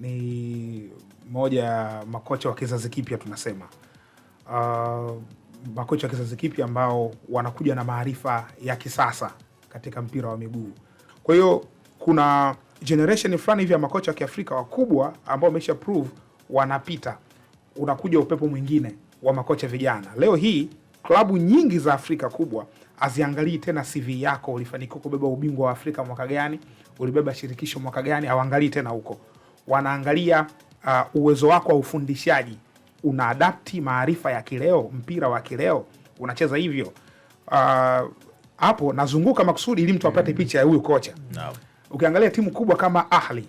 ni moja ya makocha wa kizazi kipya tunasema, uh, makocha wa kizazi kipya ambao wanakuja na maarifa ya kisasa katika mpira wa miguu. Kwa hiyo kuna generation fulani hivi ya makocha wa Kiafrika wakubwa ambao wameisha prove wanapita, unakuja upepo mwingine wa makocha vijana. Leo hii klabu nyingi za Afrika kubwa haziangalii tena CV yako, ulifanikiwa kubeba ubingwa wa Afrika mwaka gani, ulibeba shirikisho mwaka gani, hawaangalii tena huko wanaangalia uh, uwezo wako wa ufundishaji, una adapti maarifa ya kileo, mpira wa kileo unacheza hivyo uh, hapo. Uh, nazunguka makusudi ili mtu apate picha ya huyu kocha no. Ukiangalia timu kubwa kama Ahli,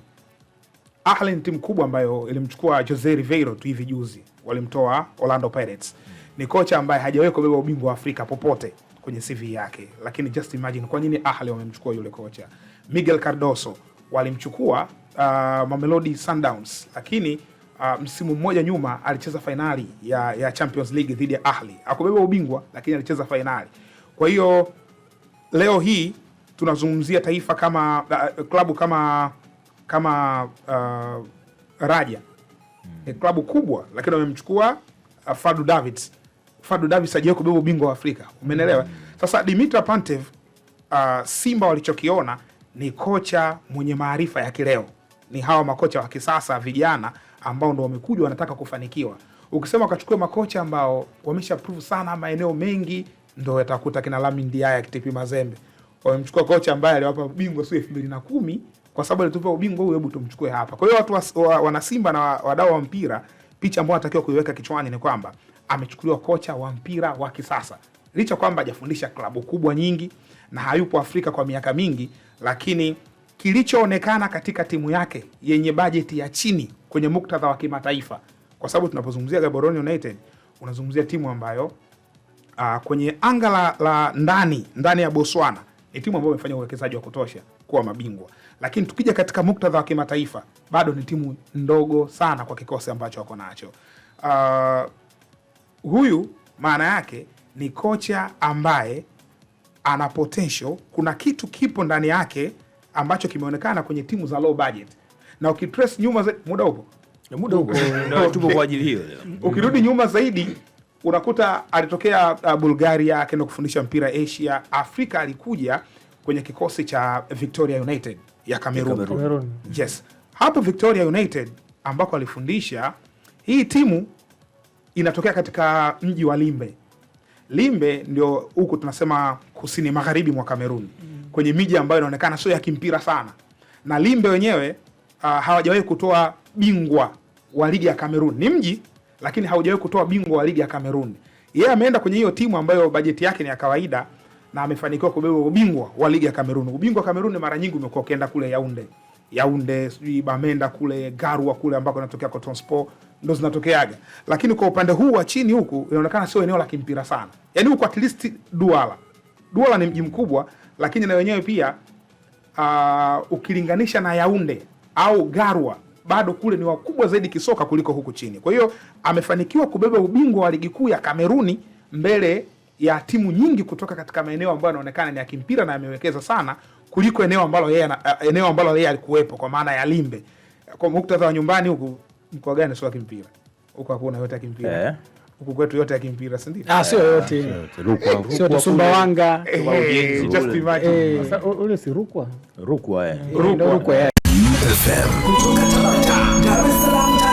Ahli ni timu kubwa ambayo ilimchukua Jose Riveiro tu hivi juzi, walimtoa Orlando Pirates. Ni kocha ambaye hajawai kubeba ubingwa wa Afrika popote kwenye CV yake, lakini just imagine kwa nini Ahli wamemchukua yule kocha. Miguel Cardoso walimchukua uh, Mamelodi Sundowns, lakini uh, msimu mmoja nyuma alicheza fainali ya, ya Champions League dhidi ya Ahli, akubeba ubingwa lakini alicheza fainali. Kwa hiyo leo hii tunazungumzia taifa kama uh, klabu kama kama uh, Raja hmm. ni klabu kubwa, lakini wamemchukua uh, Fadu David. Fadu Davids hajawahi kubeba ubingwa wa Afrika, umeelewa? Hmm. Sasa Dimitar Pantev uh, Simba walichokiona ni kocha mwenye maarifa ya kileo, ni hawa makocha wa kisasa vijana ambao ndo wamekuja wanataka kufanikiwa. Ukisema wakachukua makocha ambao wamesha prove sana maeneo mengi, ndo yatakuta kina Lamin Diaye TP Mazembe. Wamemchukua kocha ambaye aliwapa ubingwa sio elfu mbili na kumi kwa sababu alitupa ubingwa huyu, hebu tumchukue hapa. Kwa hiyo watu wa, wa, wanasimba na wadau wa mpira, picha ambayo anatakiwa kuiweka kichwani ni kwamba amechukuliwa kocha wa mpira wa kisasa licha kwamba hajafundisha klabu kubwa nyingi na hayupo Afrika kwa miaka mingi, lakini kilichoonekana katika timu yake yenye bajeti ya chini kwenye muktadha wa kimataifa, kwa sababu tunapozungumzia Gaborone United unazungumzia timu ambayo uh, kwenye anga la, la ndani ndani ya Botswana ni timu ambayo imefanya uwekezaji wa kutosha kuwa mabingwa, lakini tukija katika muktadha wa kimataifa bado ni timu ndogo sana kwa kikosi ambacho wako nacho. Uh, huyu maana yake ni kocha ambaye ana potential, kuna kitu kipo ndani yake ambacho kimeonekana kwenye timu za low budget, na ukipress nyuma zaidi, muda upo muda upo, tupo kwa ajili hiyo. Ukirudi nyuma zaidi unakuta alitokea uh, Bulgaria, akaenda kufundisha mpira Asia. Afrika alikuja kwenye kikosi cha Victoria United ya Cameroon. Yes, hapo Victoria United ambako alifundisha, hii timu inatokea katika mji wa Limbe Limbe ndio huku tunasema kusini magharibi mwa Kamerun mm. kwenye miji ambayo inaonekana sio ya kimpira sana, na Limbe wenyewe uh, hawajawahi kutoa bingwa wa ligi ya Kamerun. Ni mji lakini haujawahi kutoa bingwa wa ligi ya Kamerun. Yeye yeah, ameenda kwenye hiyo timu ambayo bajeti yake ni ya kawaida na amefanikiwa kubeba ubingwa wa ligi ya Kamerun. Ubingwa wa Kamerun mara nyingi umekuwa ukienda kule Yaunde. Yaunde, sijui Bamenda kule, Garua kule ambako inatokea Cotton Sport ndo zinatokeaga, lakini kwa upande huu wa chini huku inaonekana sio eneo la kimpira sana. Yani huku at least Duala, Duala ni mji mkubwa, lakini na wenyewe pia uh, ukilinganisha na Yaunde au Garua bado kule ni wakubwa zaidi kisoka kuliko huku chini. Kwa hiyo amefanikiwa kubeba ubingwa wa ligi kuu ya Kameruni mbele ya timu nyingi kutoka katika maeneo ambayo yanaonekana ni ya kimpira na amewekeza sana kuliko eneo ambalo yeye eneo ambalo yeye alikuwepo, kwa maana ya Limbe. Kwa muktadha wa nyumbani huku, mkoa gani sio kimpira huko, hakuna yote ya kimpira eh huku kwetu yote ya kimpira, si ndio? Ah, sio yote, sio tu Sumbawanga. Just imagine sasa, ule si Rukwa, Rukwa eh, Rukwa Rukwa. kutoka Tanzania, Dar